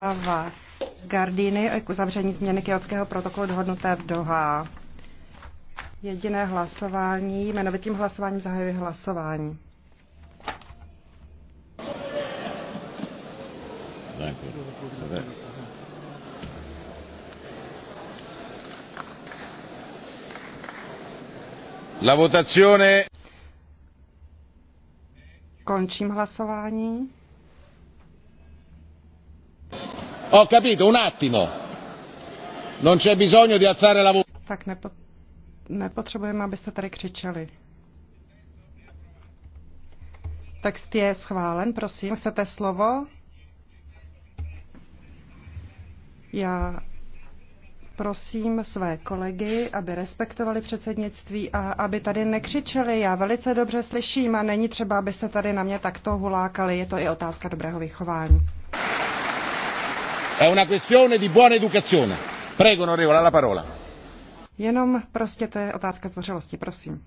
Ava Gardiny k jako uzavření změny Kyotského protokolu dohodnuté v Doha. Jediné hlasování, jmenovitým hlasováním zahajuje hlasování. La votazione. Končím hlasování. Ho capito, un attimo. Non c'è bisogno di alzare la voce. Tak nepo- nepotřebujeme, abyste tady křičeli. Text je schválen, prosím. Chcete slovo? Já prosím své kolegy, aby respektovali předsednictví a aby tady nekřičeli. Já velice dobře slyším a není třeba, abyste tady na mě takto hulákali. Je to i otázka dobrého vychování. È una questione di buona educazione. Prego, onorevole, la parola. Jenom prostě to je otázka zdvořilosti, prosím.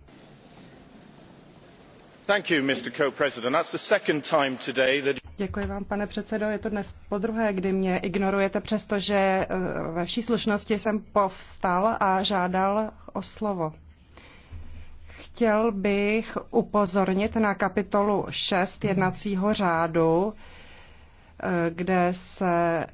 Děkuji vám, pane předsedo. Je to dnes podruhé, kdy mě ignorujete, přestože eh, ve vší slušnosti jsem povstal a žádal o slovo. Chtěl bych upozornit na kapitolu 6 jednacího řádu, eh, kde se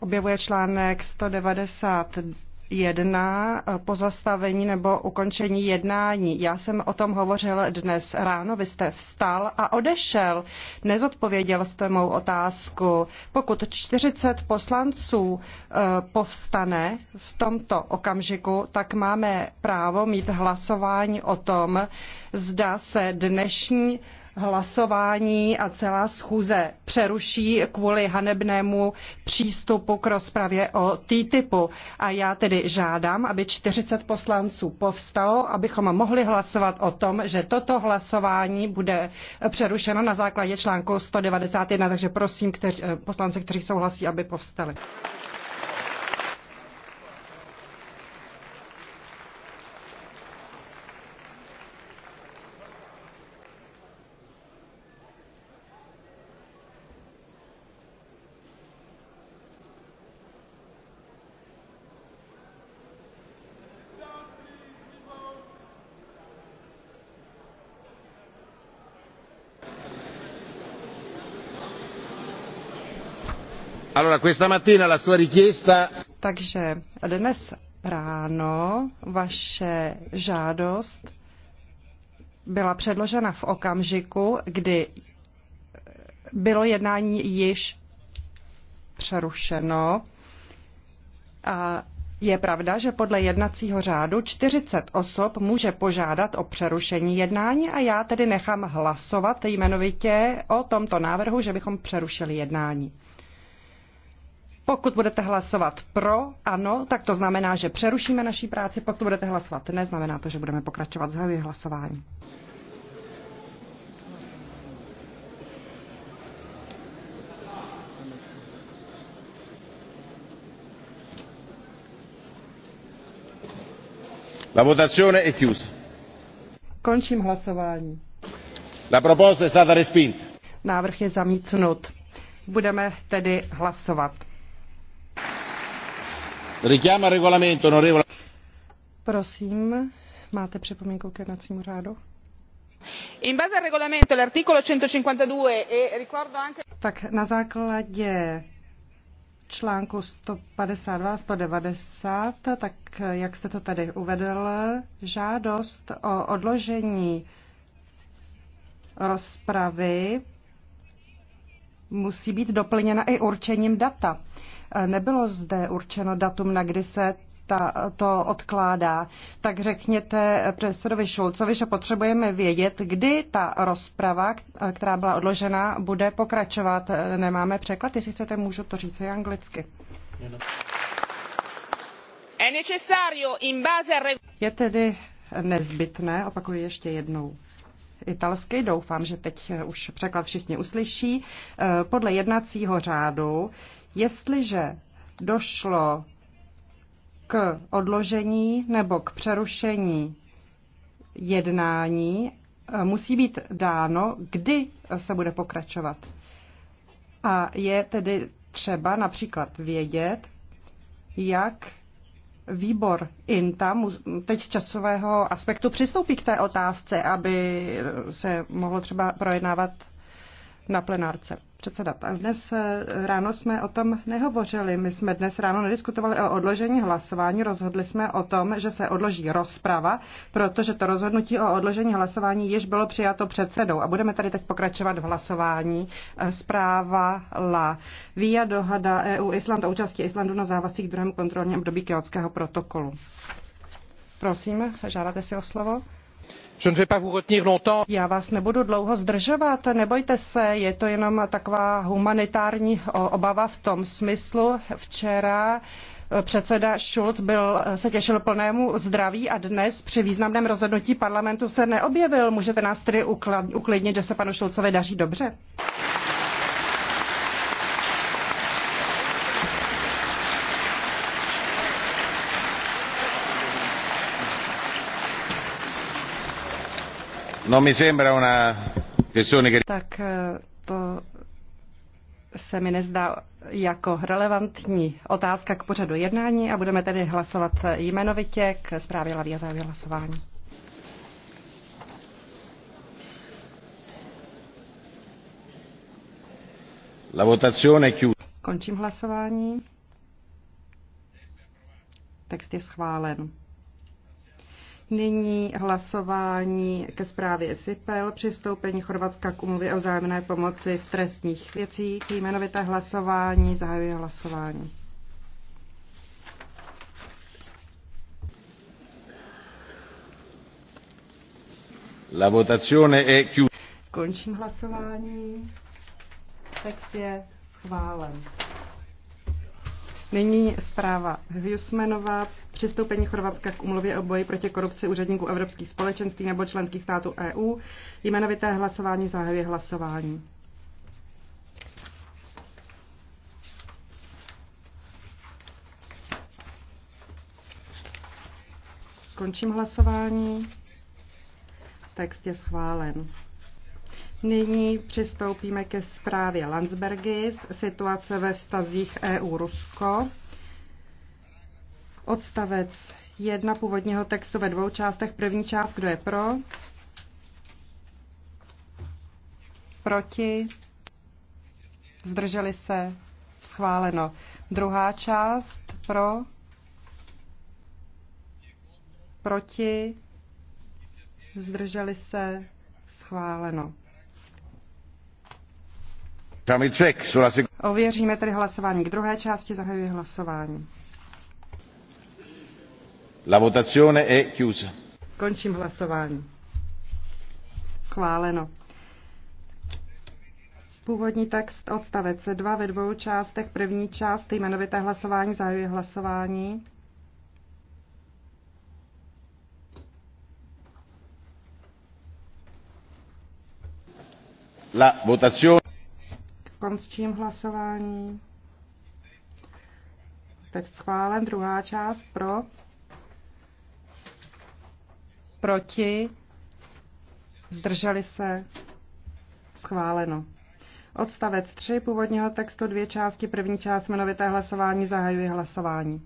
objevuje článek 191 eh, pozastavení nebo ukončení jednání. Já jsem o tom hovořil dnes ráno, vy jste vstal a odešel. Nezodpověděl jste mou otázku. Pokud 40 poslanců eh, povstane v tomto okamžiku, tak máme právo mít hlasování o tom, zda se dnešní hlasování a celá schůze přeruší kvůli hanebnému přístupu k rozpravě o TTIPu. A já tedy žádám, aby 40 poslanců povstalo, abychom mohli hlasovat o tom, že toto hlasování bude přerušeno na základě článku 191. Takže prosím kteři, eh, poslance, kteří souhlasí, aby povstali. Takže dnes ráno vaše žádost byla předložena v okamžiku, kdy bylo jednání již přerušeno. A je pravda, že podle jednacího řádu 40 osob může požádat o přerušení jednání a já tedy nechám hlasovat jmenovitě o tomto návrhu, že bychom přerušili jednání. Pokud budete hlasovat pro, ano, tak to znamená, že přerušíme naší práci. Pokud budete hlasovat ne, znamená to, že budeme pokračovat. Zahajuji hlasování. La votazione è chiusa. Končím hlasování. La proposta è stata respinta. Návrh je zamítnut. Budeme tedy hlasovat. Richiamo al regolamento, onorevole. Prosím, máte připomínku k jednacímu řádu? In base al regolamento, l'articolo 152 e ricordo anche... Tak na základě článku 152 190, tak jak jste to tady uvedl, žádost o odložení rozpravy musí být doplněna i určením data. Nebylo zde určeno datum, na kdy se ta, to odkládá. Tak řekněte předsedovi Šulcovi, že potřebujeme vědět, kdy ta rozprava, která byla odložena, bude pokračovat. Nemáme překlad, jestli chcete, můžu to říct i anglicky. Je tedy nezbytné, opakuji ještě jednou, italsky, doufám, že teď už překlad všichni uslyší. Eh, podle jednacího řádu Jestliže došlo k odložení nebo k přerušení jednání, eh, musí být dáno, kdy se bude pokračovat. A je tedy třeba například vědět, jak výbor INTA teď z časového aspektu přistoupí k té otázce, aby se mohlo třeba projednávat na plenárce předsedat. A dnes eh, ráno jsme o tom nehovořili. My jsme dnes ráno nediskutovali o odložení hlasování. Rozhodli jsme o tom, že se odloží rozprava, protože to rozhodnutí o odložení hlasování již bylo přijato předsedou. A budeme tady teď pokračovat v hlasování. Eh, Zpráva La Via dohada EU Island o účasti Islandu na závazcích v druhém kontrolním období Kyotského protokolu. Prosím, žádáte si o slovo? Já vás nebudu dlouho zdržovat, nebojte se, je to jenom taková humanitární obava v tom smyslu. Včera eh, předseda Schulz byl, eh, se těšil plnému zdraví a dnes při významném rozhodnutí parlamentu se neobjevil. Můžete nás tedy uklidnit, že se panu Schulzovi daří dobře? No, tak eh, to se mi nezdá jako relevantní otázka k pořadu jednání a budeme tedy hlasovat jmenovitě k zprávě Lavia za hlasování. La votazione chiusa. Končím hlasování. Text je schválen. Nyní hlasování ke zprávě SIPEL, přistoupení Chorvatska k umluvě o vzájemné pomoci v trestních věcích, jmenovité hlasování, zahajuje hlasování. La votazione è chiusa. Končím hlasování. Text je schválen. Nyní zpráva Hvěsmenová, přistoupení Chorvatska k umluvě o boji proti korupci úředníků Evropských společenství nebo členských států EU, jmenovité hlasování zahajuje hlasování. Končím hlasování. Text je schválen. Nyní přistoupíme ke zprávě Landsbergis, situace ve vztazích EU-Rusko. Odstavec jedna původního textu ve dvou částech. První část, kdo je pro? Proti? Zdrželi se? Schváleno. Druhá část, pro? Proti? Zdrželi se? Schváleno. Ověříme tedy hlasování k druhé části, zahajuji hlasování. La votazione è chiusa. Končím hlasování. Schváleno. Původní text odstavec 2 ve dvou částech. První část jmenovité hlasování zahajuje hlasování. La votazione Končím hlasování. Text schválen, druhá část pro, proti, zdrželi se, schváleno. Odstavec 3 původního textu dvě části. První část jmenovité hlasování zahajuji hlasování.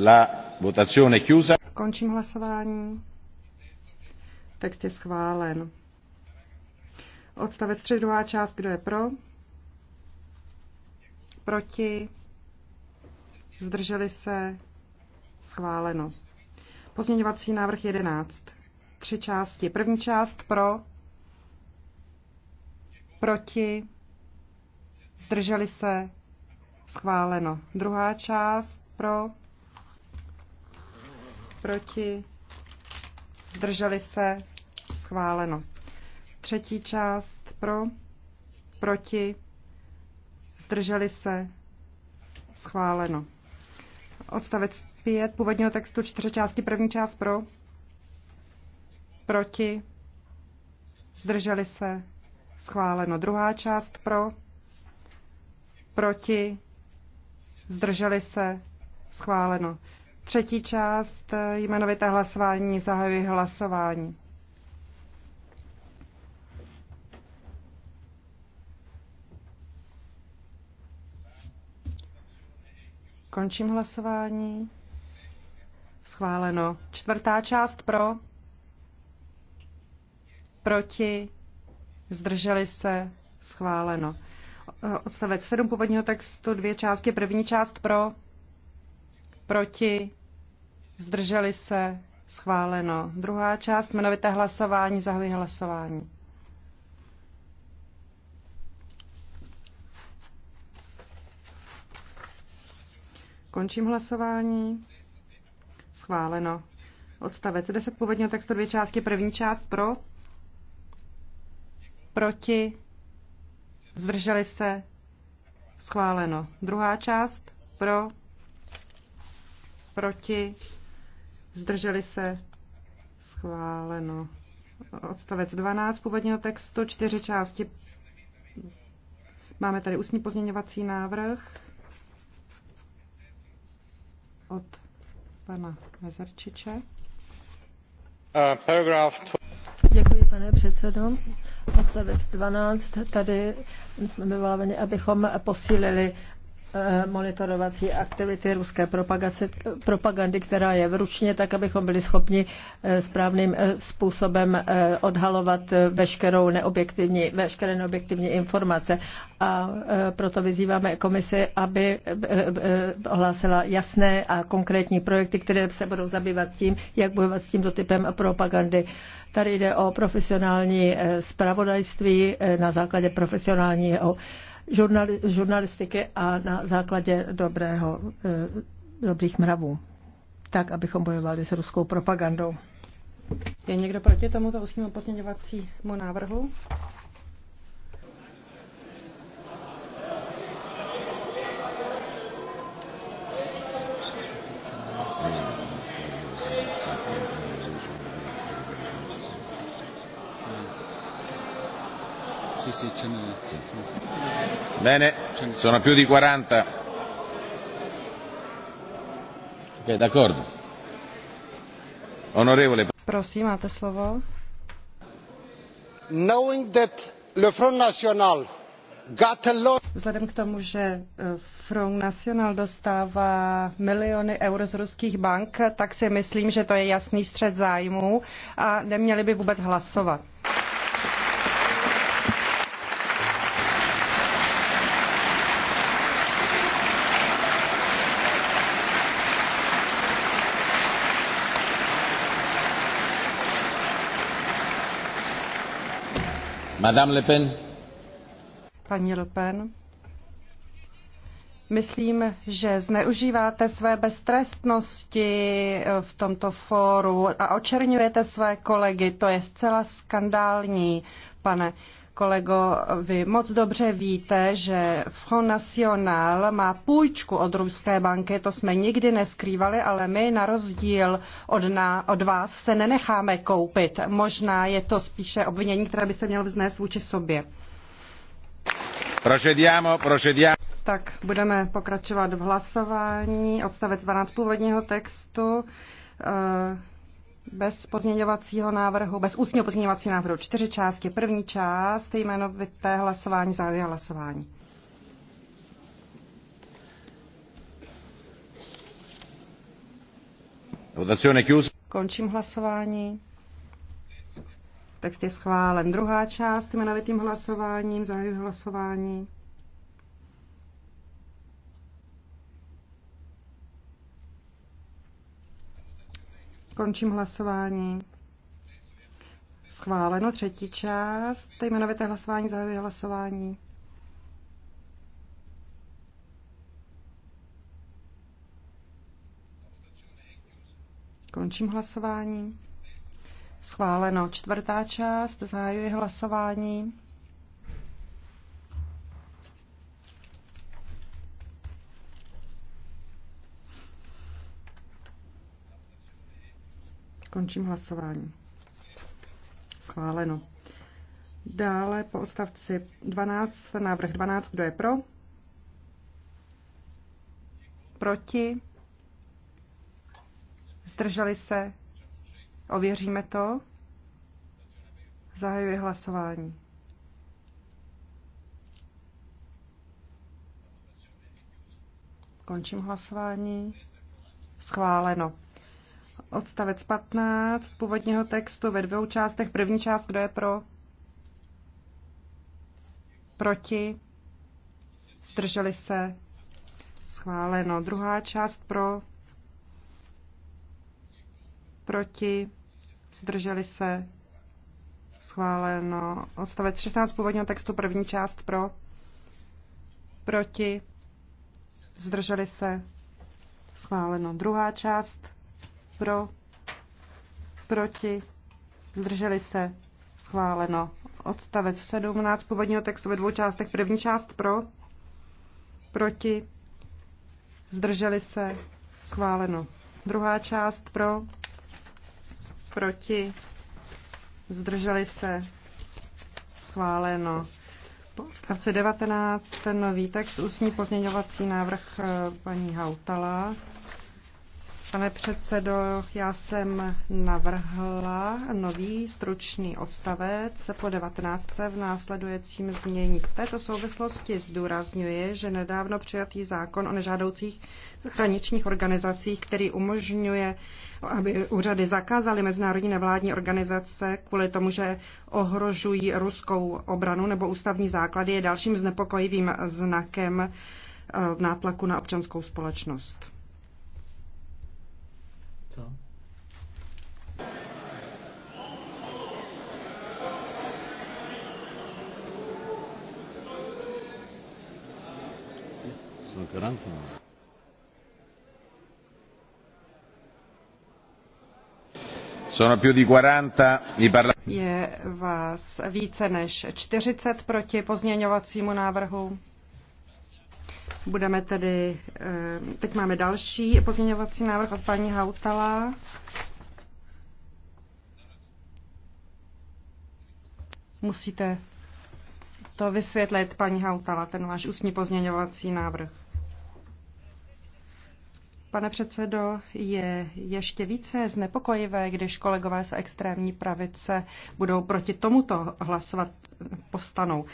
La votazione chiusa. Končím hlasování. Text je schválen. Odstavec středová část, kdo je pro? Proti? Zdrželi se? Schváleno. Pozměňovací návrh 11. Tři části. První část pro, proti, zdrželi se, schváleno. Druhá část pro, proti, zdrželi se, schváleno. Třetí část pro, proti, zdrželi se, schváleno. Odstavec 5 původního textu čtyři části, první část pro, proti, zdrželi se, schváleno. Druhá část pro, proti, zdrželi se, schváleno. Třetí část eh, jmenovité hlasování zahajuji hlasování. Končím hlasování. Schváleno. Čtvrtá část pro. Proti. Zdrželi se. Schváleno. Eh, odstavec 7 původního textu, dvě části. První část pro proti, zdrželi se, schváleno. Druhá část, jmenovité hlasování, zahajuji hlasování. Končím hlasování. Schváleno. Odstavec 10 původního textu dvě části. První část pro, proti, zdrželi se, schváleno. Druhá část pro, proti, zdrželi se, schváleno. Odstavec 12 původního textu, čtyři části. Máme tady ústní pozměňovací návrh od pana Mezerčiče. Děkuji, pane předsedo. Odstavec 12. Tady jsme vyvoláveni, abychom posílili Eh, monitorovací aktivity ruské propagandy, která je ručně, tak abychom byli schopni eh, správným eh, způsobem odhalovat veškerou neobjektivní, veškeré neobjektivní informace. A proto vyzýváme komisi, aby ohlásila jasné a konkrétní projekty, které se budou zabývat tím, jak bojovat s tímto typem propagandy. Tady jde o profesionální spravodajství na základě profesionálního žurnali, žurnalistiky a na základě dobrého, eh, dobrých mravů, tak, abychom bojovali s ruskou propagandou. Je někdo proti tomuto osmímu pozměňovacímu návrhu? si si Sí. Bene, sono più di 40. Ok, d'accordo. Onorevole. Prosím, máte slovo. Knowing that le Front National got a lot... Vzhledem k tomu, že eh, Front National dostává miliony eur z ruských bank, tak si myslím, že to je jasný střed zájmů a neměli by vůbec hlasovat. Madame Le Pen. Paní Le Pen. Myslím, že zneužíváte své beztrestnosti eh, v tomto fóru a očerňujete své kolegy. To je zcela skandální, pane Kolego, vy moc dobře víte, že Front National má půjčku od Ruské banky, to jsme nikdy neskrývali, ale my na rozdíl od, na, od vás se nenecháme koupit. Možná je to spíše obvinění, které byste měl vznést vůči sobě. Procediamo, procediamo. Tak, budeme pokračovat v hlasování. Odstavec 12 původního textu. Eh, bez pozměňovacího návrhu, bez ústního pozměňovacího návrhu. Čtyři části. První část jmenovité hlasování, závěr hlasování. Končím hlasování. Text je schválen. Druhá část jmenovitým hlasováním, závěr hlasování. Končím hlasování. Schváleno třetí část. Jmenovité hlasování zahajuje hlasování. Končím hlasování. Schváleno čtvrtá část. Zahajuje hlasování. Končím hlasování. Schváleno. Dále po odstavci 12, návrh 12, kdo je pro? Proti? Zdrželi se? Ověříme to. Zahajuji hlasování. Končím hlasování. Schváleno. Odstavec 15 původního textu ve dvou částech. První část, kdo je pro? Proti? Zdrželi se? Schváleno. Druhá část pro? Proti? Zdrželi se? Schváleno. Odstavec 16 původního textu, první část pro? Proti? Zdrželi se? Schváleno. Druhá část pro, proti, zdrželi se, schváleno. Odstavec 17 původního textu ve dvou částech. První část pro, proti, zdrželi se, schváleno. Druhá část pro, proti, zdrželi se, schváleno. Po odstavce 19 ten nový text, ústní pozměňovací návrh eh, paní Hautala. Pane předsedo, já jsem navrhla nový stručný odstavec po 19. v následujícím změní. V této souvislosti zdůrazňuje, že nedávno přijatý zákon o nežádoucích zahraničních organizacích, který umožňuje, aby úřady zakázaly mezinárodní nevládní organizace kvůli tomu, že ohrožují ruskou obranu nebo ústavní základy, je dalším znepokojivým znakem v eh, nátlaku na občanskou společnost. Co? Sono più di 40 i Je vás více než 40 proti pozměňovacímu návrhu. Budeme tedy, eh, teď máme další pozměňovací návrh od paní Hautala. Musíte to vysvětlit, paní Hautala, ten váš ústní pozměňovací návrh. Pane předsedo, je ještě více znepokojivé, když kolegové z extrémní pravice budou proti tomuto hlasovat postanou.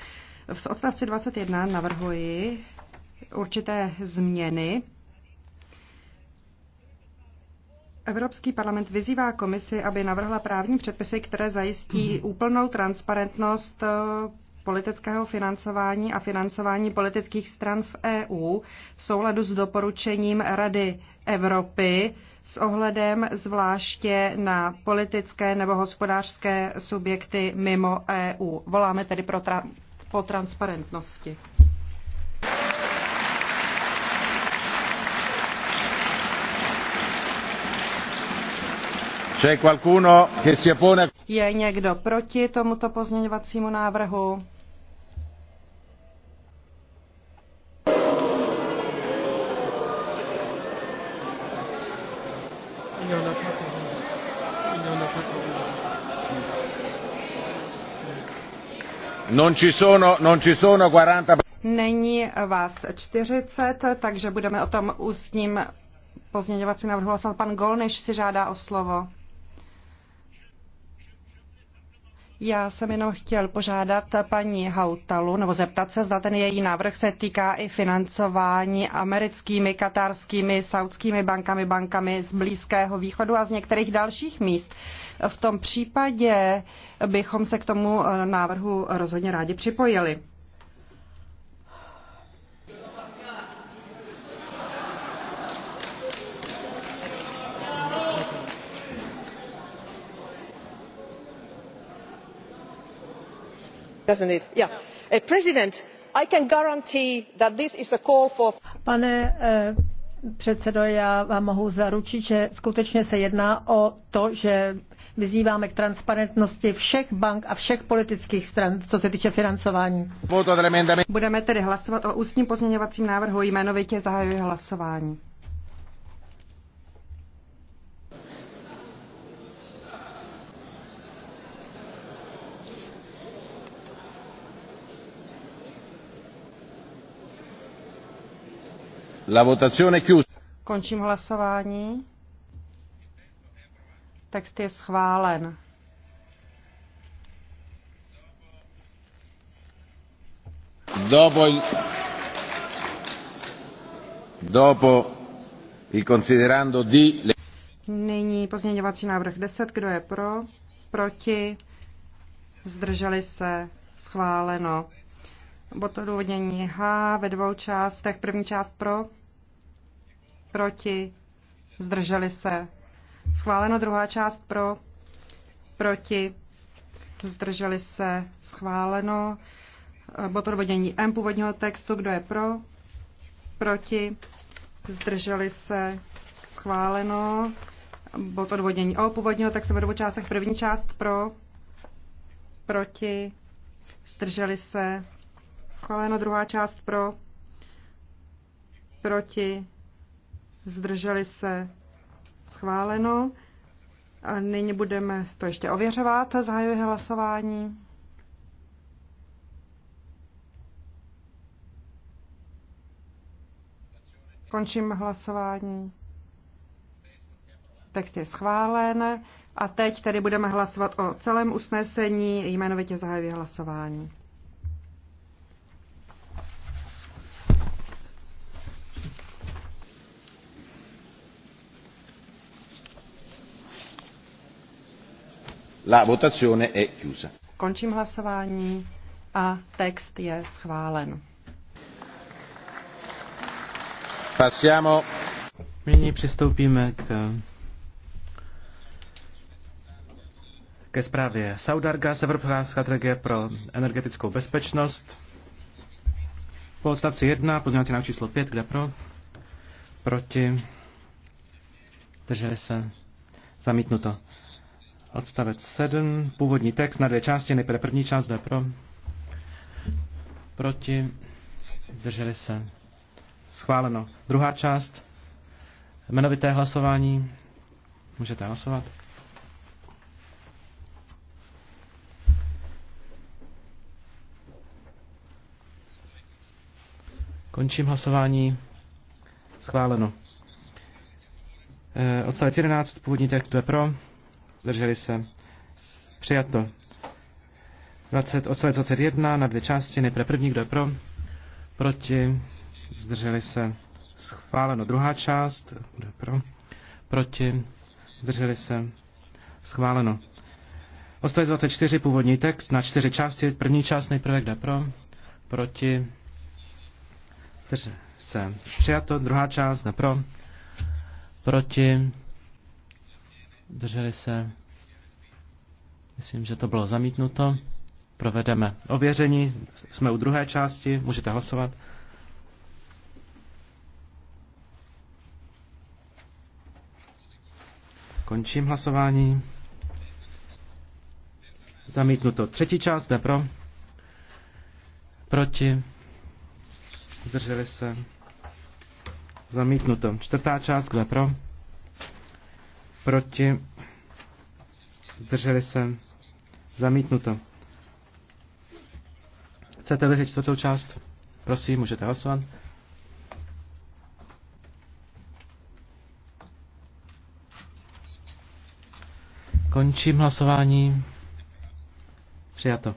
V odstavci 21 navrhuji, určité změny. Evropský parlament vyzývá komisi, aby navrhla právní předpisy, které zajistí mhm. úplnou transparentnost eh, politického financování a financování politických stran v EU v souladu s doporučením Rady Evropy s ohledem zvláště na politické nebo hospodářské subjekty mimo EU. Voláme tedy pro tra- po transparentnosti. Je někdo proti tomuto pozměňovacímu návrhu? Non ci sono, non ci sono 40... Není vás 40, takže budeme o tom ústním pozměňovacím návrhu hlasovat. Pan Golniš si žádá o slovo. Já jsem jenom chtěl požádat paní Hautalu, nebo zeptat se, zda ten její návrh se týká i financování americkými, katarskými, saudskými bankami, bankami z Blízkého východu a z některých dalších míst. V tom případě bychom se k tomu eh, návrhu rozhodně rádi připojili. pane předsedo já vám mohu zaručit že skutečně se jedná o to že vyzýváme k transparentnosti všech bank a všech politických stran co se týče financování. budeme tedy hlasovat o ústním pozměňovacím návrhu jmenovitě zahajuji hlasování. La votazione è chiusa. Končím hlasování. Text je schválen. Dopo il, dopo il considerando di... Nyní pozměňovací návrh 10. Kdo je pro? Proti? Zdrželi se? Schváleno. Bod odůvodnění H ve dvou částech. První část pro? proti, zdrželi se. Schváleno druhá část pro, proti, zdrželi se. Schváleno bod odvodění M původního textu, kdo je pro, proti, zdrželi se. Schváleno bod odvodění O původního textu ve dvou částech. První část pro, proti, zdrželi se. Schváleno druhá část pro, proti, zdrželi se, schváleno. A nyní budeme to ještě ověřovat. zahajuje hlasování. Končím hlasování. Text je schválen. A teď tedy budeme hlasovat o celém usnesení. Jmenovitě zahajuje hlasování. La votazione è chiusa. Končím hlasování a text je schválen. Passiamo. Nyní přistoupíme k ke zprávě Saudarga, Severoprávská strategie pro energetickou bezpečnost. Po odstavci 1, pozměňovací návrh číslo 5, kde pro? Proti. Drželi se. Zamítnuto. Odstavec 7, původní text na dvě části, nejprve první část, kdo je pro, proti, zdrželi se. Schváleno. Druhá část, jmenovité hlasování, můžete hlasovat. Končím hlasování. Schváleno. Eh, odstavec 11, původní text, kdo je pro, zdrželi se, přijato. 20, odstavec 21 na dvě části, nejprve první, kdo je pro, proti, zdrželi se, schváleno. Druhá část, kdo je pro, proti, zdrželi se, schváleno. Odstavec 24, původní text na čtyři části, první část nejprve, kde pro, proti, zdrželi se, přijato. Druhá část, na pro, proti, Drželi se. Myslím, že to bylo zamítnuto. Provedeme ověření. Jsme u druhé části. Můžete hlasovat. Končím hlasování. Zamítnuto. Třetí část jde pro. Proti. Zdrželi se. Zamítnuto. Čtvrtá část, kde pro? proti, drželi se, zamítnuto. Chcete vyřešit čtvrtou část? Prosím, můžete hlasovat. Končím hlasování. Přijato.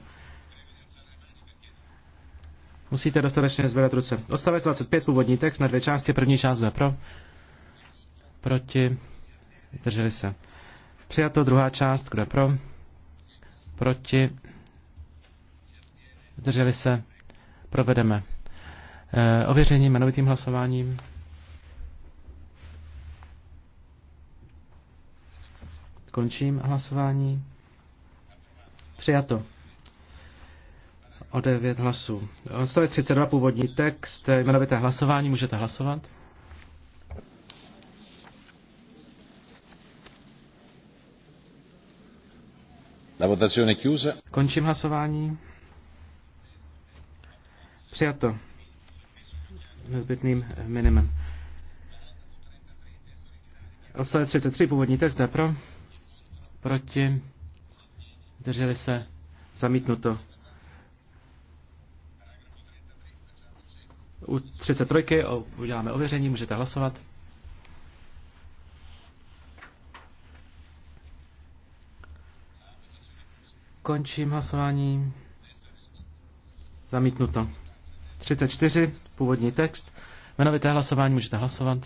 Musíte dostatečně zvedat ruce. Odstavec 25, původní text na dvě části. První část je pro. Proti. Zdrželi se. Přijato druhá část, kdo je pro? Proti? Zdrželi se. Provedeme. E, ověření jmenovitým hlasováním. Končím hlasování. Přijato. O 9 hlasů. Odstavec 32 původní text, eh, jmenovité hlasování, můžete hlasovat. La votazione è chiusa. Končím hlasování. Přijato. Nezbytným eh, minimem. Odstavec 33, původní test, je pro. Proti. Zdrželi se. Zamítnuto. U 33 uděláme ověření, můžete hlasovat. Končím hlasování. Zamítnuto. 34, původní text. Jmenovité hlasování můžete hlasovat.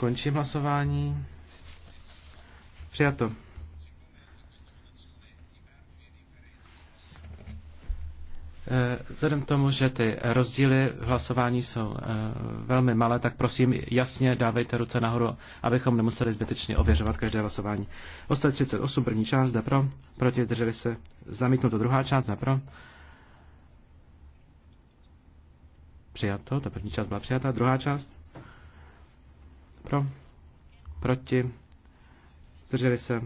Končím hlasování. Přijato. Eh, vzhledem k tomu, že ty rozdíly v hlasování jsou eh, velmi malé, tak prosím jasně dávejte ruce nahoru, abychom nemuseli zbytečně ověřovat každé hlasování. Ostat 38, první část, jde pro, proti zdrželi se, zamítnuto druhá část, jde pro. Přijato, ta první část byla přijata, druhá část, pro, proti, zdrželi se.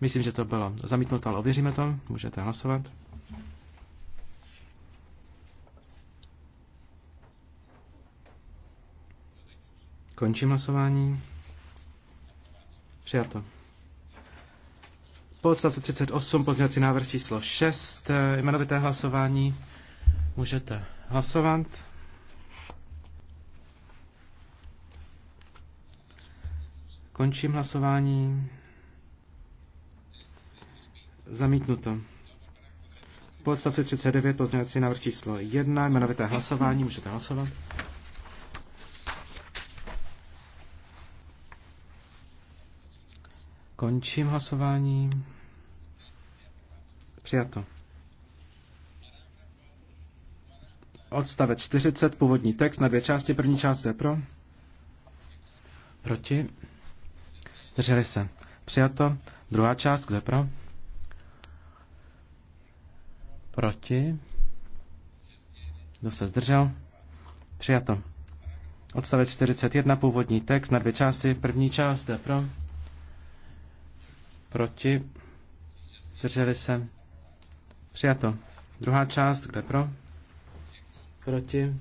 Myslím, že to bylo zamítnuto, ale ověříme to, můžete hlasovat. Končím hlasování. Přijato. Po odstavce 38 pozměňovací návrh číslo 6, eh, jmenovité hlasování. Můžete hlasovat. Končím hlasování. Zamítnuto. Po odstavci 39 pozměňovací návrh číslo 1, jmenovité hlasování. Můžete hlasovat. Končím hlasování. Přijato. Odstavec 40, původní text na dvě části. První část je pro. Proti. Drželi se. Přijato. Druhá část, kde pro? Proti. Kdo se zdržel? Přijato. Odstavec 41, původní text na dvě části. První část je pro. Proti? Zdrželi se? Přijato. Druhá část, kde pro? Proti?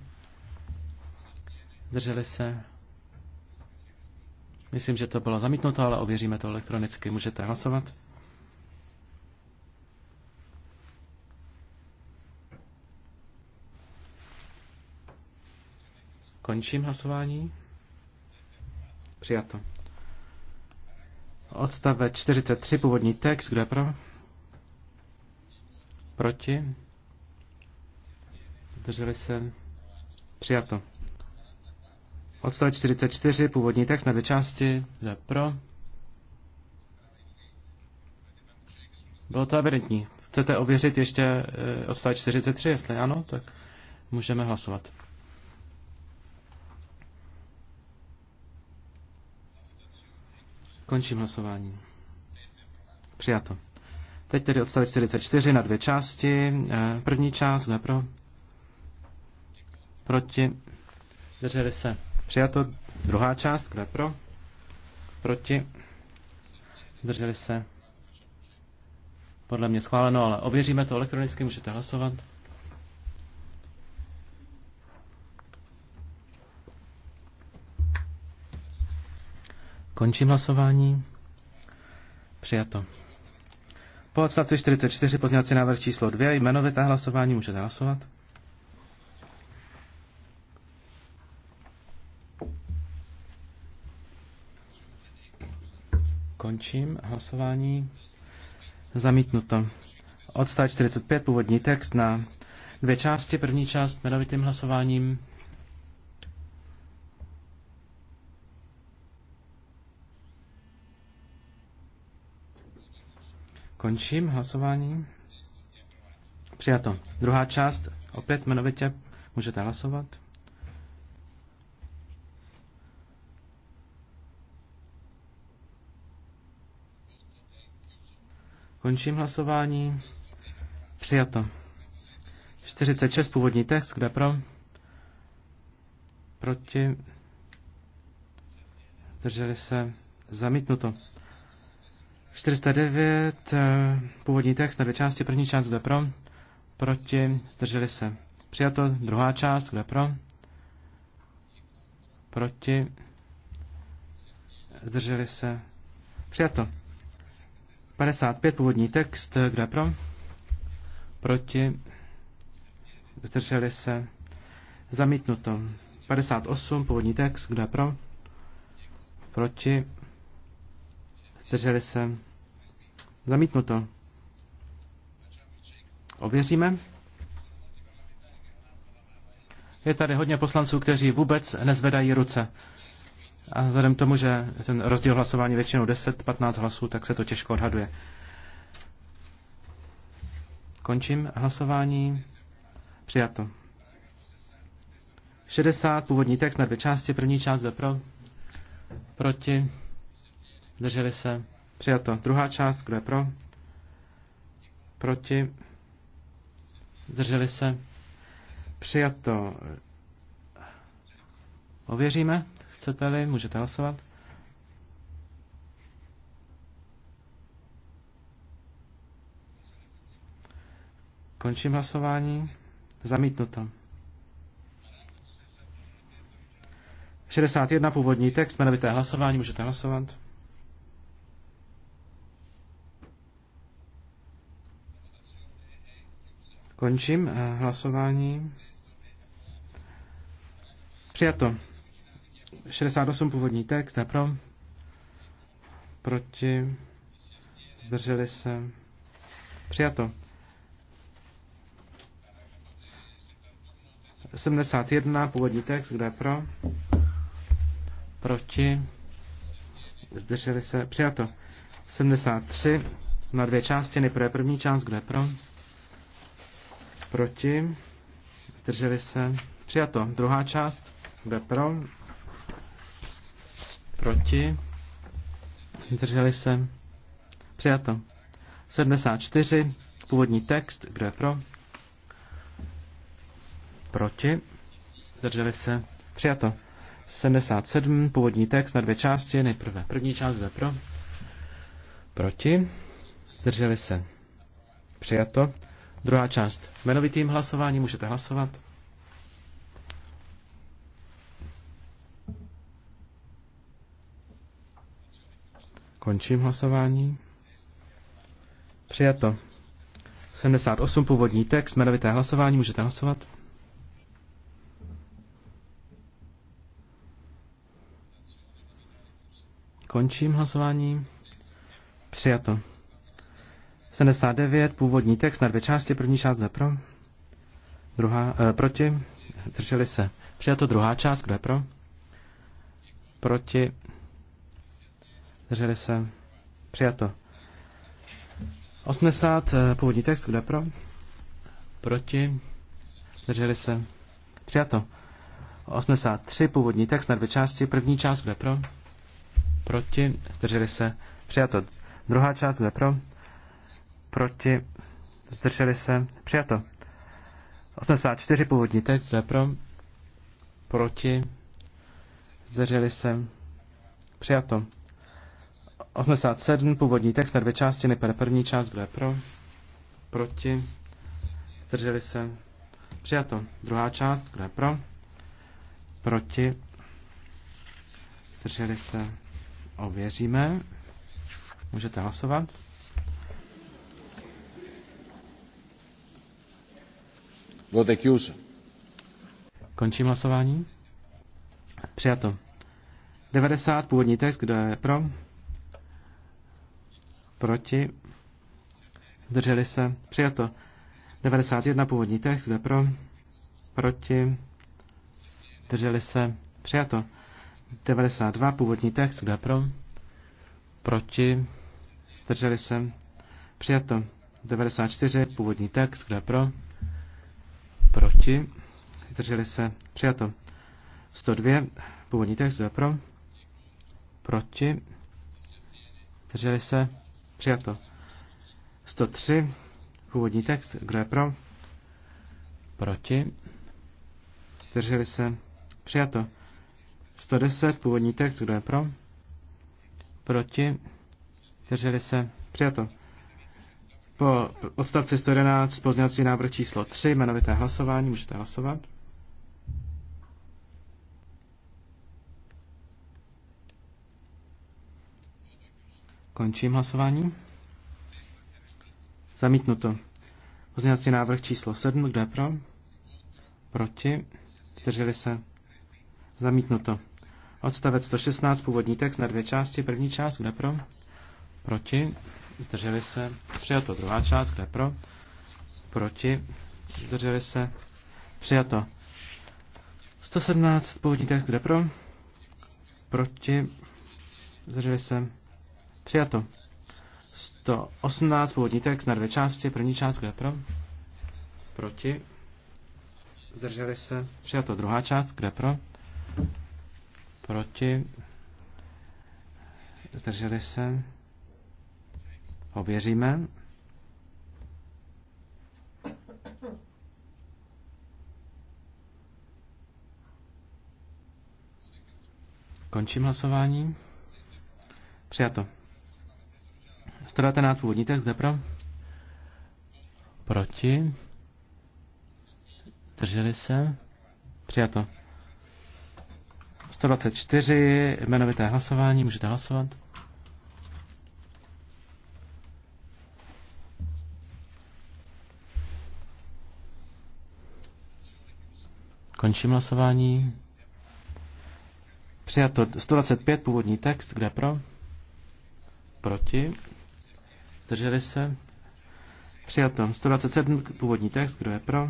Zdrželi se? Myslím, že to bylo zamítnuto, ale ověříme to elektronicky. Můžete hlasovat. Končím hlasování. Přijato odstave 43, původní text, kdo je pro? Proti? Zdrželi se? Přijato. Odstavec 44, původní text na dvě části, kdo je pro? Bylo to evidentní. Chcete ověřit ještě eh, odstavec 43, jestli ano, tak můžeme hlasovat. Končím hlasování. Přijato. Teď tedy odstavit 44 na dvě části. Eh, první část, kdo pro? Proti. Drželi se. Přijato. Druhá část, kdo pro? Proti. Drželi se. Podle mě schváleno, ale ověříme to elektronicky, můžete hlasovat. Končím hlasování. Přijato. Po odstavci 44 pozněvací návrh číslo 2 jmenovité hlasování můžete hlasovat. Končím hlasování. Zamítnuto. Odstavec 45 původní text na dvě části. První část jmenovitým hlasováním. Končím hlasování. Přijato. Druhá část, opět jmenovitě můžete hlasovat. Končím hlasování. Přijato. 46 původní text, kde pro? Proti. Zdrželi se. Zamítnuto. 409, eh, původní text na dvě části, první část, kdo pro, proti, zdrželi se. Přijato, druhá část, kdo pro, proti, zdrželi se. Přijato. 55, původní text, kdo pro, proti, zdrželi se. Zamítnuto. 58, původní text, kdo pro, proti, Zdrželi se? Zamítnuto. Ověříme. Je tady hodně poslanců, kteří vůbec nezvedají ruce. A vzhledem k tomu, že ten rozdíl hlasování většinou 10-15 hlasů, tak se to těžko odhaduje. Končím hlasování. Přijato. 60, původní text na dvě části. První část byl pro, proti. Zdrželi se. Přijato. Druhá část. Kdo je pro? Proti. Zdrželi se. Přijato. Ověříme. Chcete-li, můžete hlasovat. Končím hlasování. Zamítnuto. 61 původní text, jmenovité hlasování, můžete hlasovat. Končím eh, hlasování. Přijato. 68 původní text, pro. Proti. Zdrželi se. Přijato. 71 původní text, kde pro? Proti. Zdrželi se. Přijato. 73 na dvě části, nejprve první část, kde pro? proti, zdrželi se, přijato. Druhá část, kdo pro, proti, zdrželi se, přijato. 74, původní text, kdo je pro, proti, zdrželi se, přijato. 77, původní text na dvě části, nejprve první část, kdo je pro, proti, zdrželi se, přijato. Druhá část. Jmenovitým hlasováním můžete hlasovat. Končím hlasování. Přijato. 78 původní text, jmenovité hlasování, můžete hlasovat. Končím hlasování. Přijato. 79, původní text na dvě části, první část je pro, druhá, e, proti, drželi se. Přijato druhá část, kde pro? Proti, drželi se. Přijato. 80, e, eh, původní text, kde pro? Proti, drželi se. Přijato. 83, původní text na dvě části, první část, kde pro? Proti, drželi se. Přijato. Druhá část, kde pro? proti, zdrželi se, přijato. 84 původní text, je pro, proti, zdrželi se, přijato. 87 původní text na dvě části, nejprve první část, kdo je pro, proti, zdrželi se, přijato. Druhá část, kdo je pro, proti, zdrželi se, ověříme. Můžete hlasovat. Končím hlasování. Přijato. 90 původní text, kdo je pro? Proti? Drželi se? Přijato. 91 původní text, kdo je pro? Proti? Drželi se? Přijato. 92 původní text, kdo je pro? Proti? Drželi se? Přijato. 94 původní text, kdo je pro? proti, Drželi se, přijato. 102, původní text, kdo je pro, proti, Drželi se, přijato. 103, původní text, kdo je pro, proti, Drželi se, přijato. 110, původní text, kdo je pro, proti, Drželi se, přijato. Po odstavci 111 pozměňovací návrh číslo 3, jmenovité hlasování, můžete hlasovat. Končím hlasování. Zamítnuto. Pozměňovací návrh číslo 7, kdo je pro? Proti? Zdrželi se? Zamítnuto. Odstavec 116, původní text na dvě části. První část, kdo je pro? Proti? zdrželi se, přijato druhá část, kde pro, proti, zdrželi se, přijato 117, původní text, kde pro, proti, zdrželi se, přijato 118, původní text na dvě části, první část, kde pro, proti, zdrželi se, přijato druhá část, kde pro, proti, zdrželi se, Ověříme. Končím hlasování. Přijato. 119 původní text, kde pro? Proti. Drželi se. Přijato. 124 jmenovité hlasování, můžete hlasovat. Končím hlasování. Přijato 125, původní text, kde pro? Proti. Zdrželi se. Přijato 127, původní text, kdo je pro?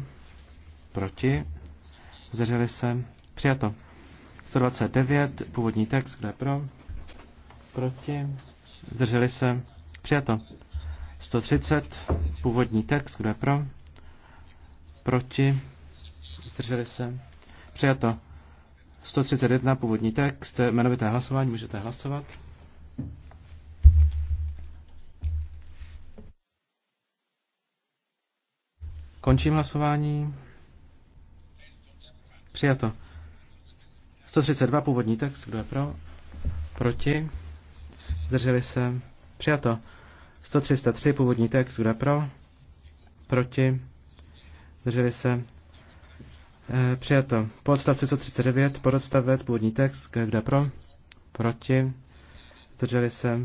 Proti. Zdrželi se. Přijato 129, původní text, kdo je pro? Proti. Zdrželi se. Přijato 130, původní text, kdo je pro? Proti zdrželi se, přijato. 131 původní text, jmenovité hlasování, můžete hlasovat. Končím hlasování. Přijato. 132 původní text, kdo je pro? Proti? Zdrželi se? Přijato. 133 původní text, kdo je pro? Proti? Zdrželi se? Eh, přijato. Po odstavci 139, odstavec, původní text, kde pro, proti, zdrželi se.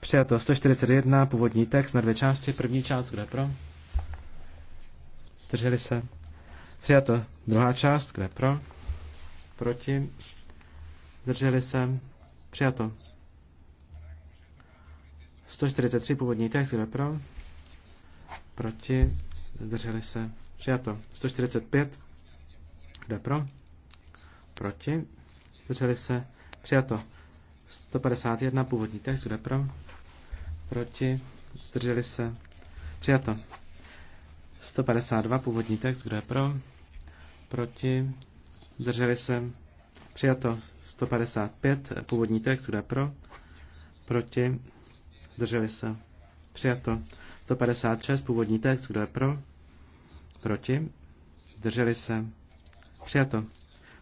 Přijato 141, původní text na dvě části, první část, kde pro, zdrželi se. Přijato druhá část, kde pro, proti, zdrželi se. Přijato 143, původní text, kde pro, proti, zdrželi se. Přijato. 145. Kde pro? Proti. Zdrželi se. Přijato. 151. Původní text. Kde pro? Proti. Zdrželi se. Přijato. 152. Původní text. Kde pro? Proti. Zdrželi se. Přijato. 155. Původní text. Kde pro? Proti. Zdrželi se. Přijato. 156. Původní text. Kdo je pro? Proti? Zdrželi se? Přijato.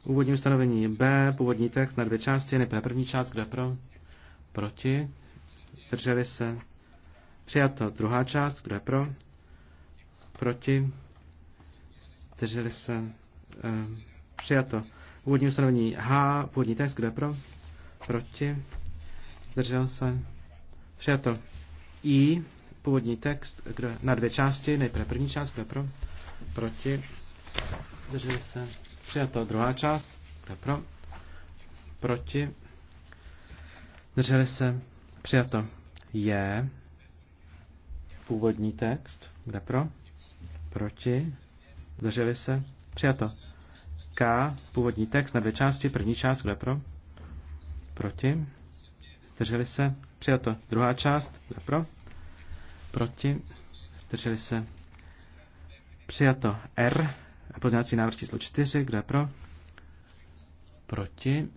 Úvodní ustanovení B, původní text na dvě části, nejprve první část, kde pro? Proti? Zdrželi se? Přijato. Druhá část, kde pro? Proti? Zdrželi se? E, přijato. Úvodní ustanovení H, původní text, kde pro? Proti? Zdržel se? Přijato. I, původní text, kde, na dvě části, nejprve první část, kde pro? proti, zdrželi se, přijato. Druhá část, Kdo pro, proti, zdrželi se, přijato. Je původní text, kde pro, proti, zdrželi se, přijato. K, původní text na dvě části, první část, kde pro, proti, zdrželi se, přijato. Druhá část, kde pro, proti, zdrželi se, Přijato R, pozměňovací návrh číslo 4, kdo je pro? Proti.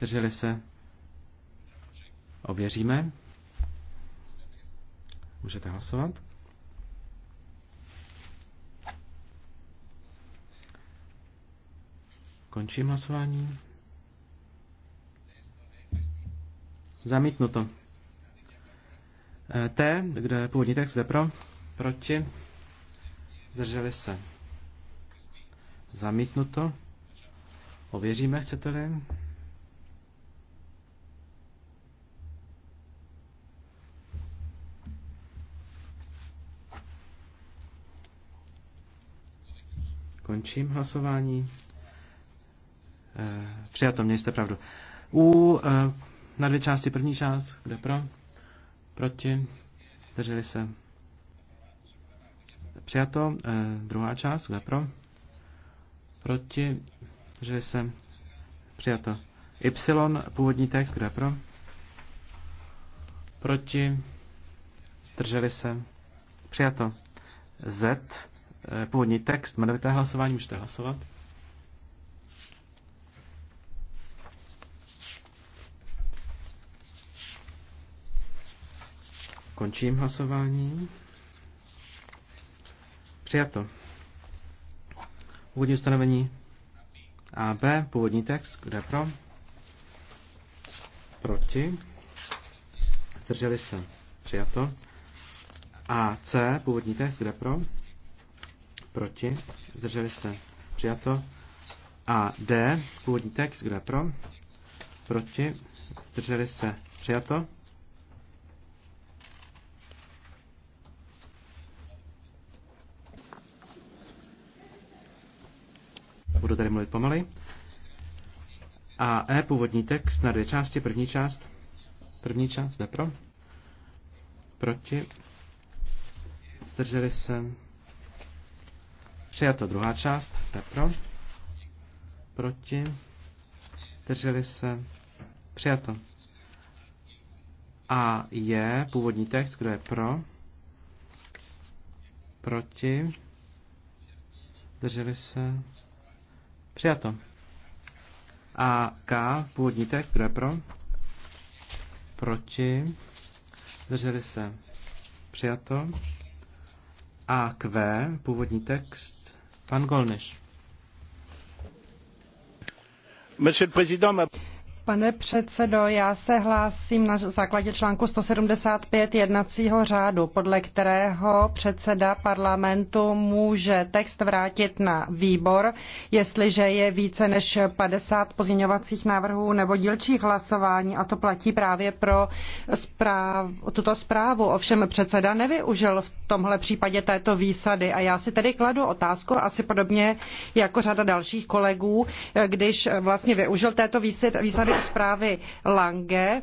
Drželi se. Ověříme. Můžete hlasovat. Končím hlasování. Zamítnuto. E, T, kde je původní text, kde pro, proti. Zdrželi se. Zamítnuto. Ověříme, chcete-li? Končím hlasování. Eh, přijato, měli jste pravdu. U eh, na dvě části. První část, kde pro? Proti? Drželi se. Přijato eh, druhá část, kde pro? Proti, že se přijato. Y, původní text, kde pro? Proti, zdrželi se, přijato. Z, eh, původní text, jmenovité hlasování, můžete hlasovat. Končím hlasování. Přijato. Původní ustanovení AB, původní text, kde pro? Proti. Zdrželi se. Přijato. AC, původní text, kde pro? Proti. Zdrželi se. Přijato. A D, původní text, kde pro? Proti. Zdrželi se. Přijato. tady mluvit pomalej. A E, původní text na dvě části. První část. První část ne pro. Proti. Zdrželi se. Přijato druhá část. ne pro. Proti. Zdrželi se. Přijato. A je původní text, kdo je pro. Proti. drželi se. Přijato. A K, původní text, kdo je pro? Proti. Zdrželi se. Přijato. A Q, původní text, pan Golniš. Monsieur le Président, ma... Pane předsedo, já se hlásím na základě článku 175 jednacího řádu, podle kterého předseda parlamentu může text vrátit na výbor, jestliže je více než 50 pozměňovacích návrhů nebo dílčích hlasování, a to platí právě pro zpráv, tuto zprávu. Ovšem předseda nevyužil v tomhle případě této výsady a já si tedy kladu otázku, asi podobně jako řada dalších kolegů, když vlastně využil této výsady, výsady zprávy Lange, eh,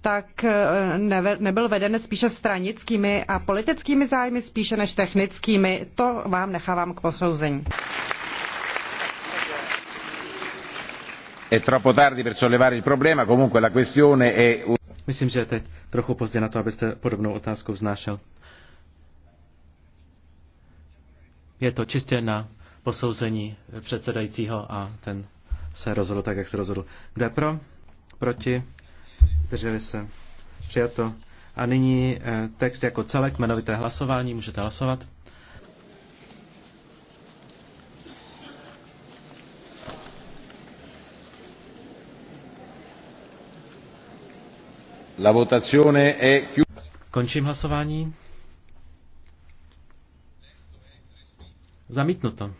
tak eh, nebyl veden spíše stranickými a politickými zájmy, spíše než technickými. To vám nechávám k posouzení. Myslím, že je teď trochu pozdě na to, abyste podobnou otázku vznášel. Je to čistě na posouzení předsedajícího a ten se rozhodl tak, jak se rozhodl. Kde pro? Proti? Zdrželi se. Přijato. A nyní eh, text jako celek, jmenovité hlasování, můžete hlasovat. La votazione è Končím hlasování. Zamítnuto.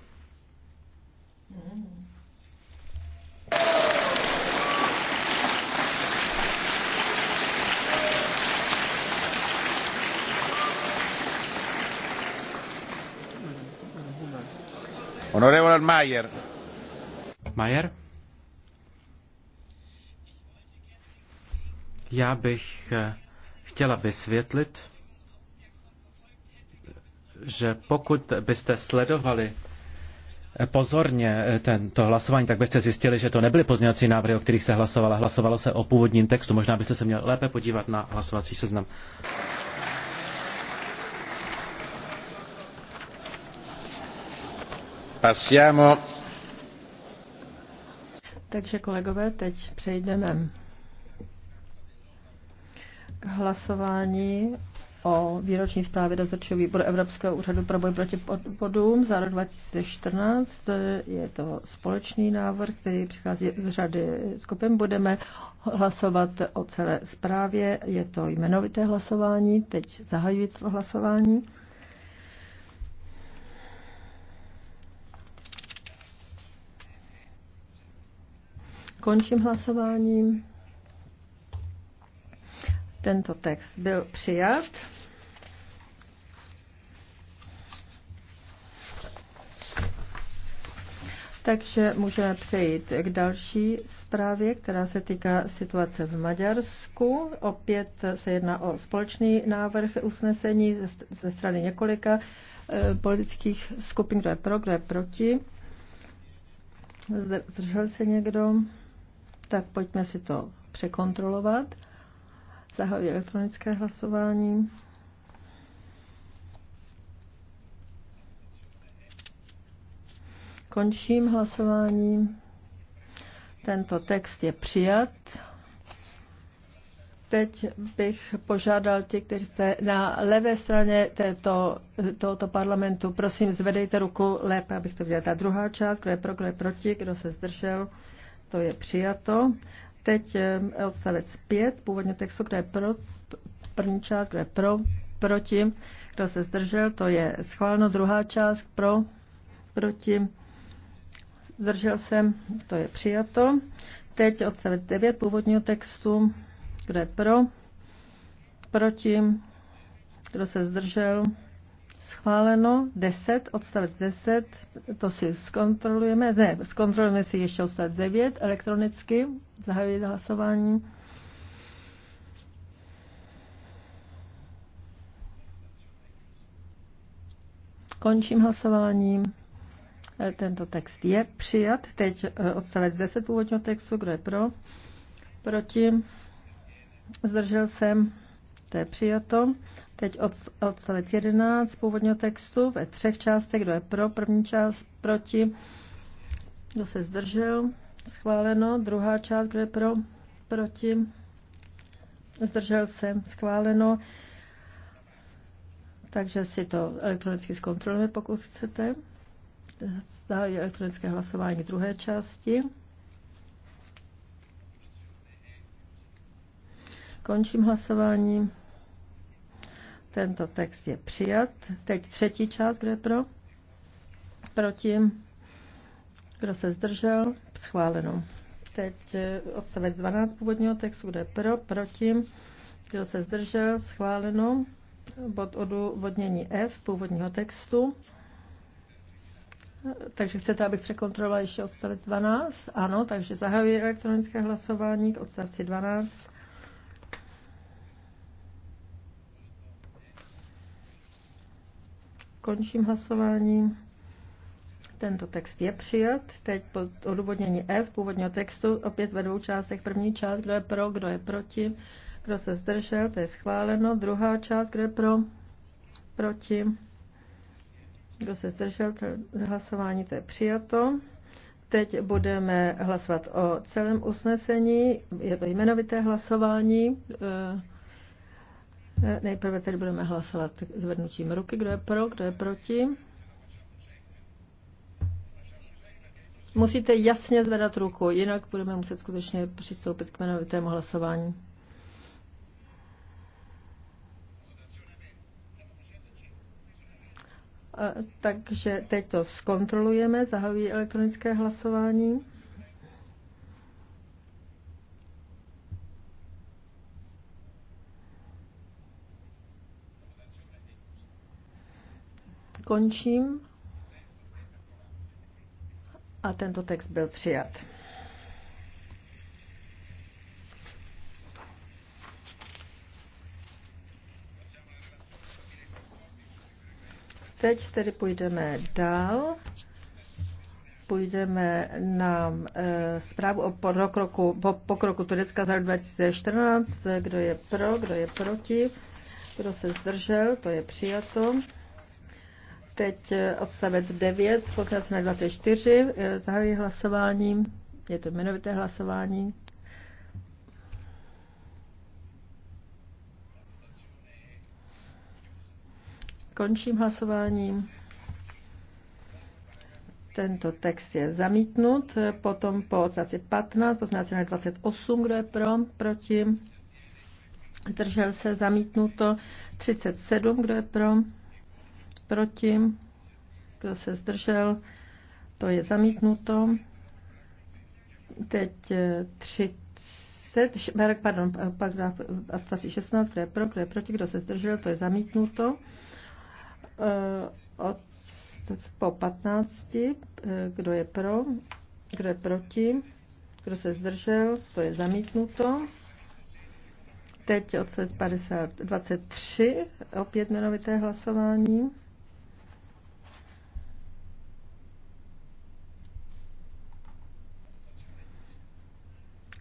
Mm. Honorevole Mayer. Mayer? Já bych eh, chtěla vysvětlit, že pokud byste sledovali eh, pozorně eh, tento hlasování, tak byste zjistili, že to nebyly pozměňovací návrhy, o kterých se hlasovalo. Hlasovalo se o původním textu. Možná byste se měl lépe podívat na hlasovací seznam. Passiamo. Takže kolegové, teď přejdeme k hlasování o výroční zprávě dozorčího výboru Evropského úřadu pro boj proti podvodům za rok 2014. Je to společný návrh, který přichází z řady skupin. Budeme hlasovat o celé zprávě. Je to jmenovité hlasování. Teď zahajuji to hlasování. Končím hlasováním. Tento text byl přijat. Takže můžeme přejít k další zprávě, která se týká situace v Maďarsku. Opět se jedná o společný návrh usnesení ze strany několika eh, politických skupin, kdo je pro, kdo je proti. Zdržel se někdo? tak pojďme si to překontrolovat. Zahajuji elektronické hlasování. Končím hlasování. Tento text je přijat. Teď bych požádal ti, kteří jste na levé straně této, tohoto parlamentu, prosím, zvedejte ruku lépe, abych to viděl. Ta druhá část, kdo je pro, kdo je proti, kdo se zdržel to je přijato. Teď eh, odstavec 5, původně textu, kde je pro, první část, kde je pro, proti, kdo se zdržel, to je schváleno, druhá část pro, proti, zdržel se, to je přijato. Teď odstavec 9 původního textu, kde je pro, proti, kdo se zdržel, schváleno 10, odstavec 10, to si zkontrolujeme, ne, zkontrolujeme si ještě odstavec 9 elektronicky, zahajuji hlasování. Končím hlasováním. E, tento text je přijat. Teď e, odstavec 10 původního textu, kdo je pro? Proti? Zdržel jsem to je přijato. Teď od, odstavec 11 původního textu ve třech částech, kdo je pro, první část proti, kdo se zdržel, schváleno, druhá část, kdo je pro, proti, zdržel se, schváleno. Takže si to elektronicky zkontrolujeme, pokud chcete. Zahájí elektronické hlasování k druhé části. Končím hlasování. Tento text je přijat. Teď třetí část, kdo je pro? Proti? Kdo se zdržel? Schváleno. Teď eh, odstavec 12 původního textu, je pro, proti, kdo se zdržel, schváleno. Bod odůvodnění F původního textu. Takže chcete, abych překontrolovala ještě odstavec 12? Ano, takže zahajuji elektronické hlasování k odstavci 12. Končím hlasování. Tento text je přijat. Teď po odůvodnění F původního textu opět ve dvou částech. První část, kdo je pro, kdo je proti, kdo se zdržel, to je schváleno. Druhá část, kdo je pro, proti, kdo se zdržel, to hlasování, to je přijato. Teď budeme hlasovat o celém usnesení. Je to jmenovité hlasování. Eh, Eh, nejprve tedy budeme hlasovat zvednutím ruky, kdo je pro, kdo je proti. Musíte jasně zvedat ruku, jinak budeme muset skutečně přistoupit k jmenovitému hlasování. Eh, takže teď to zkontrolujeme, zahajuji elektronické hlasování. Končím. A tento text byl přijat. Teď tedy půjdeme dál. Půjdeme na e, eh, zprávu o pokroku, po, pokroku Turecka za 2014. Kdo je pro, kdo je proti, kdo se zdržel, to je přijato. Teď eh, odstavec 9, poslanec na 24, eh, zahájí hlasování, je to jmenovité hlasování. Končím hlasováním. Tento text je zamítnut. Potom po odstavci 15, poznávací 28, kdo je pro, proti. Držel se zamítnuto 37, kdo je pro, proti, kdo se zdržel, to je zamítnuto. Teď 30, eh, pardon, paragraf 16, eh, kdo je pro, kdo je proti, kdo se zdržel, to je zamítnuto. Eh, od, po 15, kdo je pro, kdo je proti, kdo se zdržel, to je zamítnuto. Teď od 23, opět jmenovité hlasování.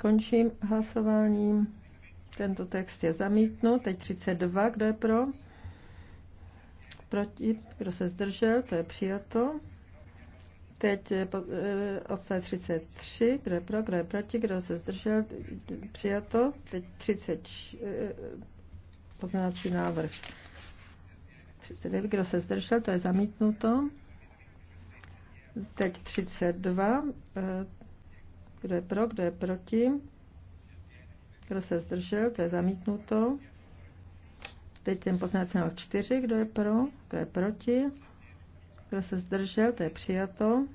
Končím hlasováním. Tento text je zamítnut. Teď 32. Kdo je pro? Proti? Kdo se zdržel? To je přijato. Teď eh, eh, odstavec 33. Kdo je pro? Kdo je proti? Kdo se zdržel? Přijato. Teď 30. Eh, Poznávací návrh. 39. Kdo se zdržel? To je zamítnuto. Teď 32 kdo je pro, kdo je proti? Kdo se zdržel, to je zamítnuto. Teď ten poslanec návrh 4, kdo je pro, kdo je proti? Kdo se zdržel, to je přijato.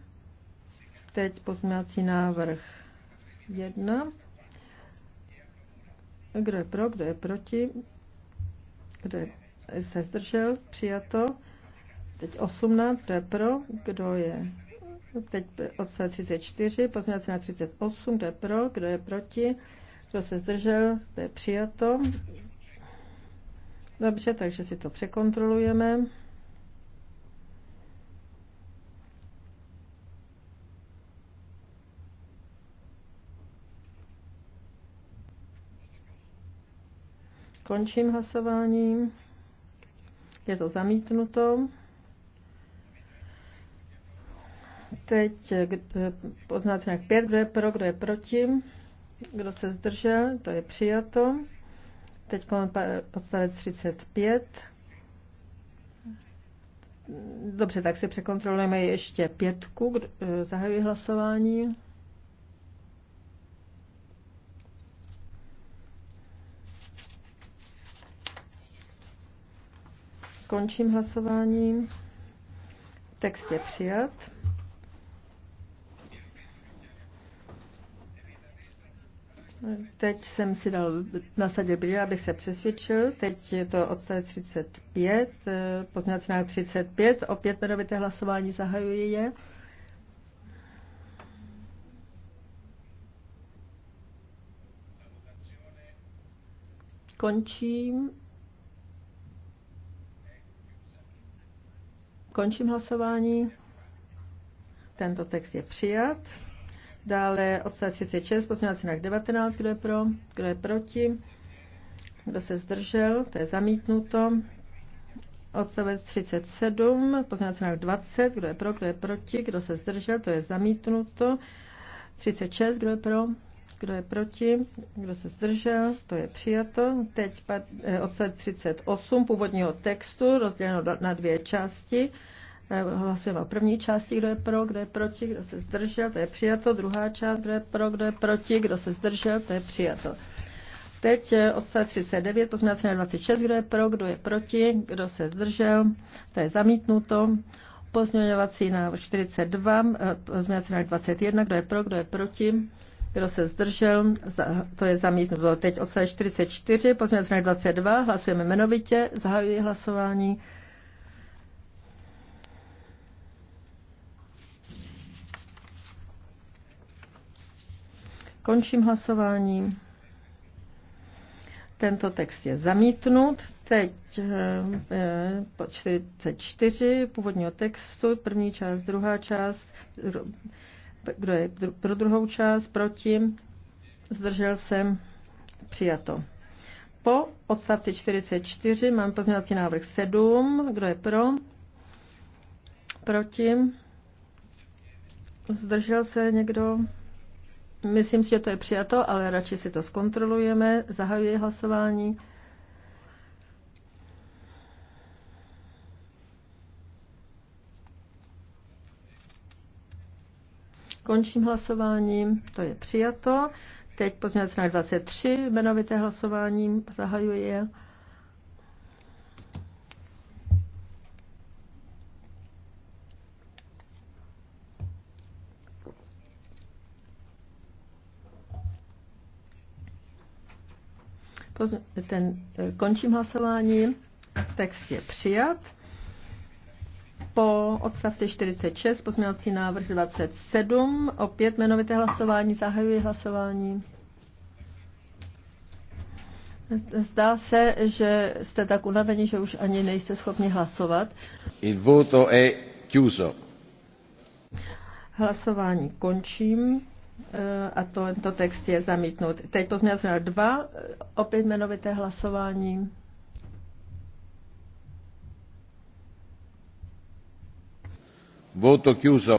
Teď pozměňovací návrh 1. Kdo je pro, kdo je proti? Kdo je, se zdržel, přijato. Teď 18, kdo je pro, kdo je Teď odstavec 34, pozměňovací na 38, kdo je pro, kdo je proti, kdo se zdržel, to je přijato. Dobře, takže si to překontrolujeme. Končím hlasování. Je to zamítnuto. Teď eh, poznáte jak pět, kdo je pro, kdo je proti, kdo se zdržel, to je přijato. Teď odstavec 35. Dobře, tak si překontrolujeme ještě pětku. Eh, zahajuji hlasování. Končím hlasování. Text je přijat. Teď jsem si dal sadě brýle, abych se přesvědčil. Teď je to odstavec 35, eh, pozměňovací návrh 35. Opět jmenovité hlasování zahajuje, je. Končím. Končím hlasování. Tento text je přijat. Dále odstavec 36, pozměňovací návrh 19, kdo je pro, kdo je proti, kdo se zdržel, to je zamítnuto. Odstavec 37, pozměňovací návrh 20, kdo je pro, kdo je proti, kdo se zdržel, to je zamítnuto. 36, kdo je pro, kdo je proti, kdo se zdržel, to je přijato. Teď eh, odstavec 38 původního textu rozděleno na dvě části. Eh, hlasujeme první části, kdo je pro, kdo je proti, kdo se zdržel, to je přijato. Druhá část, kdo je pro, kdo je proti, kdo se zdržel, to je přijato. Teď eh, odstavec 39, pozměňovací na 26, kdo je pro, kdo je proti, kdo se zdržel, to je zamítnuto. Pozměňovací na 42, eh, pozměňovací 21, kdo je pro, kdo je proti, kdo se zdržel, to je zamítnuto. Teď odstavec 44, pozměňovací 22, hlasujeme jmenovitě, zahajuji hlasování. Končím hlasování. Tento text je zamítnut. Teď eh, eh, po 44 původního textu, první část, druhá část, kdo je pro druhou část, proti, zdržel jsem, přijato. Po odstavci 44 mám pozměňovací návrh 7, kdo je pro, proti, zdržel se někdo, Myslím si, že to je přijato, ale radši si to zkontrolujeme. Zahajuji hlasování. Končím hlasováním, to je přijato. Teď pozměňovací na 23, jmenovité hlasování, zahajuji je. Ten, e, končím hlasování. Text je přijat. Po odstavci 46 pozměňovací návrh 27. Opět jmenovité hlasování. Zahajuji hlasování. Zdá se, že jste tak unaveni, že už ani nejste schopni hlasovat. Il voto è chiuso. Hlasování končím. Eh, a to, tento text je zamítnut. Teď pozměňovací návrh 2, opět jmenovité hlasování. Voto chiuso.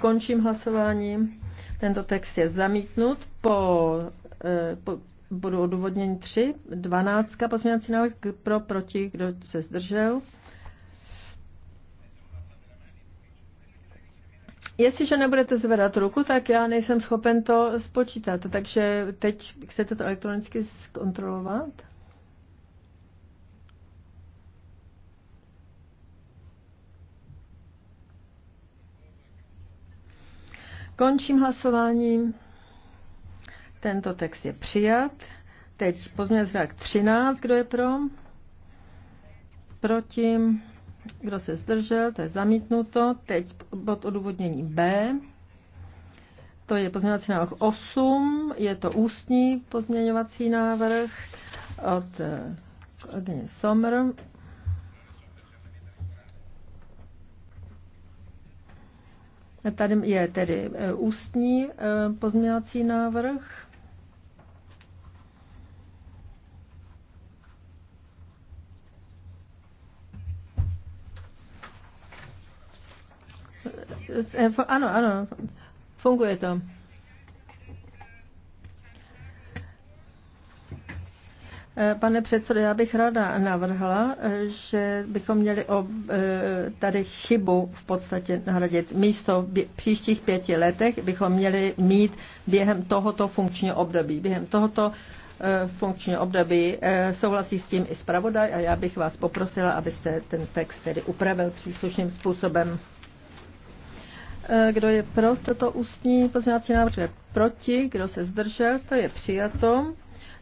Končím hlasování. Tento text je zamítnut po, eh, po budu odůvodnění 3, 12, pozměňovací návrh pro, proti, kdo se zdržel. Jestliže nebudete zvedat ruku, tak já nejsem schopen to spočítat. Takže teď chcete to elektronicky zkontrolovat? Končím hlasování. Tento text je přijat. Teď pozměňovací návrh 13. Kdo je pro? Proti? Kdo se zdržel, to je zamítnuto. Teď bod odůvodnění B. To je pozměňovací návrh 8, je to ústní pozměňovací návrh od eh, kolegyně Sommer. Tady je tedy eh, ústní eh, pozměňovací návrh. Eh, ano, ano, funguje to. Eh, pane předsedo, já bych ráda navrhla, eh, že bychom měli tady chybu v podstatě nahradit. Místo v příštích pěti letech bychom měli mít během tohoto funkčního období. Během tohoto funkčního období souhlasí s tím i zpravodaj a já bych vás poprosila, abyste ten text tedy upravil příslušným způsobem. Eh, kdo je pro toto ústní pozměňovací návrh? Kdo je proti? Kdo se zdržel? To je přijato.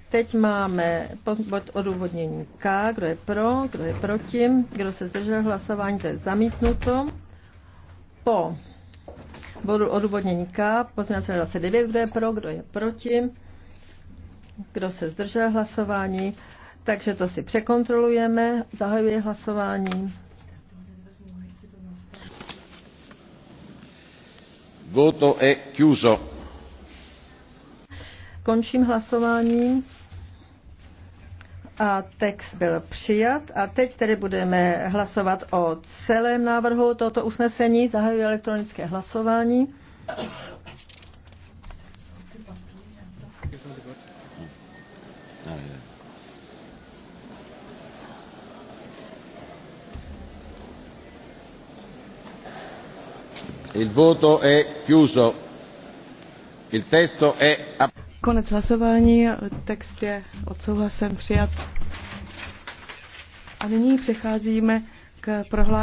Teď máme bod odůvodnění K. Kdo je pro? Kdo je proti? Kdo se zdržel hlasování? To je zamítnuto. Po bodu odůvodnění K, pozměňovací 29, kdo je pro, kdo je proti, kdo se zdržel hlasování. Takže to si překontrolujeme. zahajuje hlasování. Končím hlasování. A text byl přijat. A teď tedy budeme hlasovat o celém návrhu tohoto usnesení. Zahajuji elektronické hlasování. Il voto è chiuso. Il testo è... Konec hlasování, text je odsouhlasen přijat. A nyní přecházíme k prohlášení.